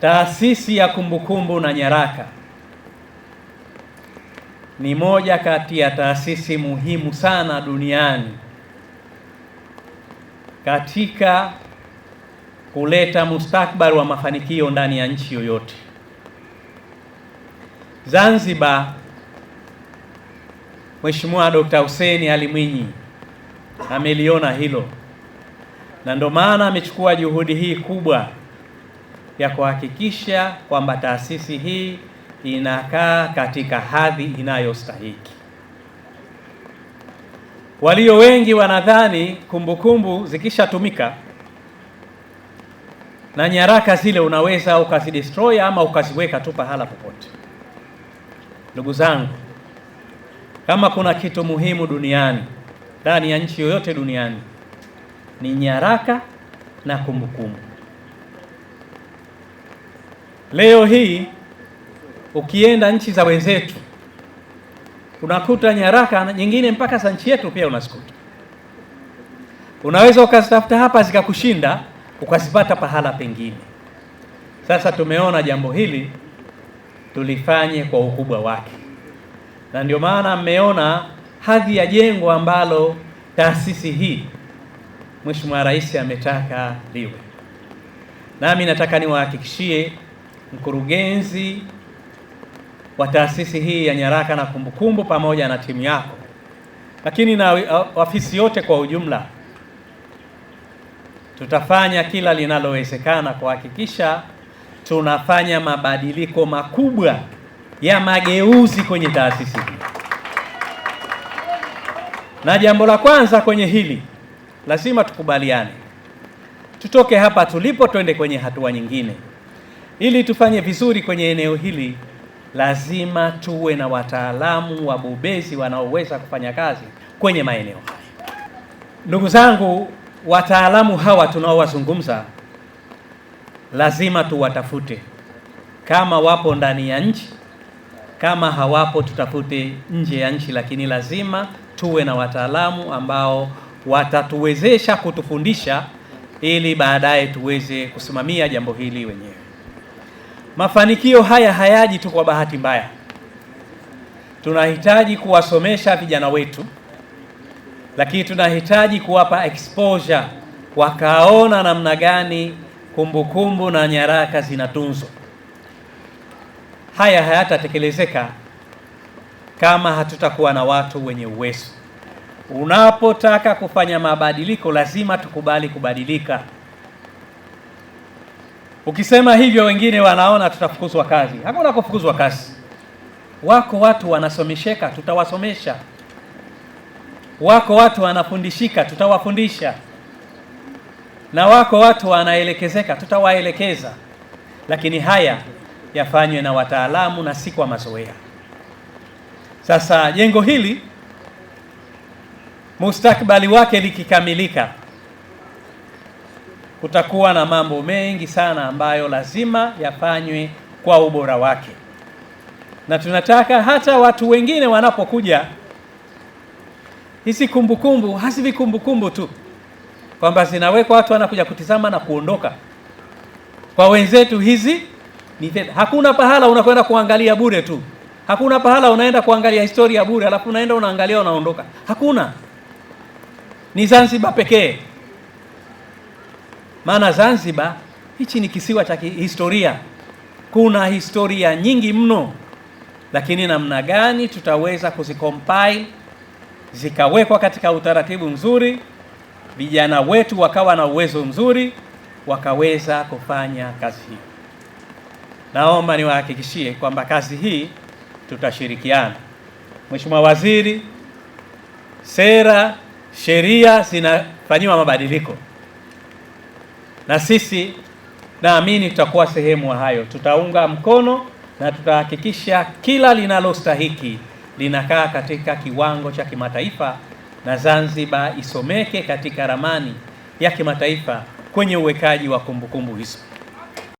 Taasisi ya Kumbukumbu na Nyaraka ni moja kati ya taasisi muhimu sana duniani katika kuleta mustakabali wa mafanikio ndani ya nchi yoyote. Zanzibar, Mheshimiwa Dr. Hussein Ali Mwinyi ameliona hilo na ndio maana amechukua juhudi hii kubwa ya kuhakikisha kwamba taasisi hii inakaa katika hadhi inayostahiki. Walio wengi wanadhani kumbukumbu zikishatumika na nyaraka zile unaweza ukazidestroy ama ukaziweka tu pahala popote. Ndugu zangu, kama kuna kitu muhimu duniani ndani ya nchi yoyote duniani ni nyaraka na kumbukumbu. Leo hii ukienda nchi za wenzetu unakuta nyaraka nyingine mpaka za nchi yetu pia unazikuta. Unaweza ukazitafuta hapa zikakushinda ukazipata pahala pengine. Sasa tumeona jambo hili tulifanye kwa ukubwa wake, na ndio maana mmeona hadhi ya jengo ambalo taasisi hii Mheshimiwa Rais ametaka liwe. Nami nataka niwahakikishie mkurugenzi wa taasisi hii ya nyaraka na kumbukumbu pamoja na timu yako, lakini na ofisi yote kwa ujumla, tutafanya kila linalowezekana kuhakikisha tunafanya mabadiliko makubwa ya mageuzi kwenye taasisi hii. Na jambo la kwanza kwenye hili lazima tukubaliane, tutoke hapa tulipo twende kwenye hatua nyingine. Ili tufanye vizuri kwenye eneo hili, lazima tuwe na wataalamu wabobezi wanaoweza kufanya kazi kwenye maeneo haya. Ndugu zangu, wataalamu hawa tunaowazungumza lazima tuwatafute, kama wapo ndani ya nchi, kama hawapo tutafute nje ya nchi, lakini lazima tuwe na wataalamu ambao watatuwezesha kutufundisha, ili baadaye tuweze kusimamia jambo hili wenyewe. Mafanikio haya hayaji tu kwa bahati mbaya. Tunahitaji kuwasomesha vijana wetu, lakini tunahitaji kuwapa exposure, wakaona namna gani kumbukumbu na nyaraka zinatunzwa. Haya hayatatekelezeka kama hatutakuwa na watu wenye uwezo. Unapotaka kufanya mabadiliko, lazima tukubali kubadilika. Ukisema hivyo wengine wanaona tutafukuzwa kazi. Hakuna kufukuzwa kazi. Wako watu wanasomesheka, tutawasomesha. Wako watu wanafundishika, tutawafundisha. Na wako watu wanaelekezeka, tutawaelekeza. Lakini haya yafanywe na wataalamu na si kwa mazoea. Sasa jengo hili mustakbali wake likikamilika kutakuwa na mambo mengi sana ambayo lazima yafanywe kwa ubora wake, na tunataka hata watu wengine wanapokuja hizi kumbukumbu hasivi kumbukumbu tu kwamba zinawekwa watu wanakuja kutizama na kuondoka. Kwa wenzetu hizi ni fedha. Hakuna pahala unakwenda kuangalia bure tu, hakuna pahala unaenda kuangalia historia bure alafu unaenda unaangalia unaondoka. Hakuna, ni Zanzibar pekee. Maana Zanzibar hichi ni kisiwa cha historia, kuna historia nyingi mno, lakini namna gani tutaweza kuzicompile zikawekwa katika utaratibu mzuri, vijana wetu wakawa na uwezo mzuri, wakaweza kufanya kazi hii. Naomba niwahakikishie kwamba kazi hii tutashirikiana. Mheshimiwa Waziri, sera sheria zinafanyiwa mabadiliko na sisi naamini tutakuwa sehemu hayo, tutaunga mkono na tutahakikisha kila linalostahiki linakaa katika kiwango cha kimataifa na Zanzibar isomeke katika ramani ya kimataifa kwenye uwekaji wa kumbukumbu hizo.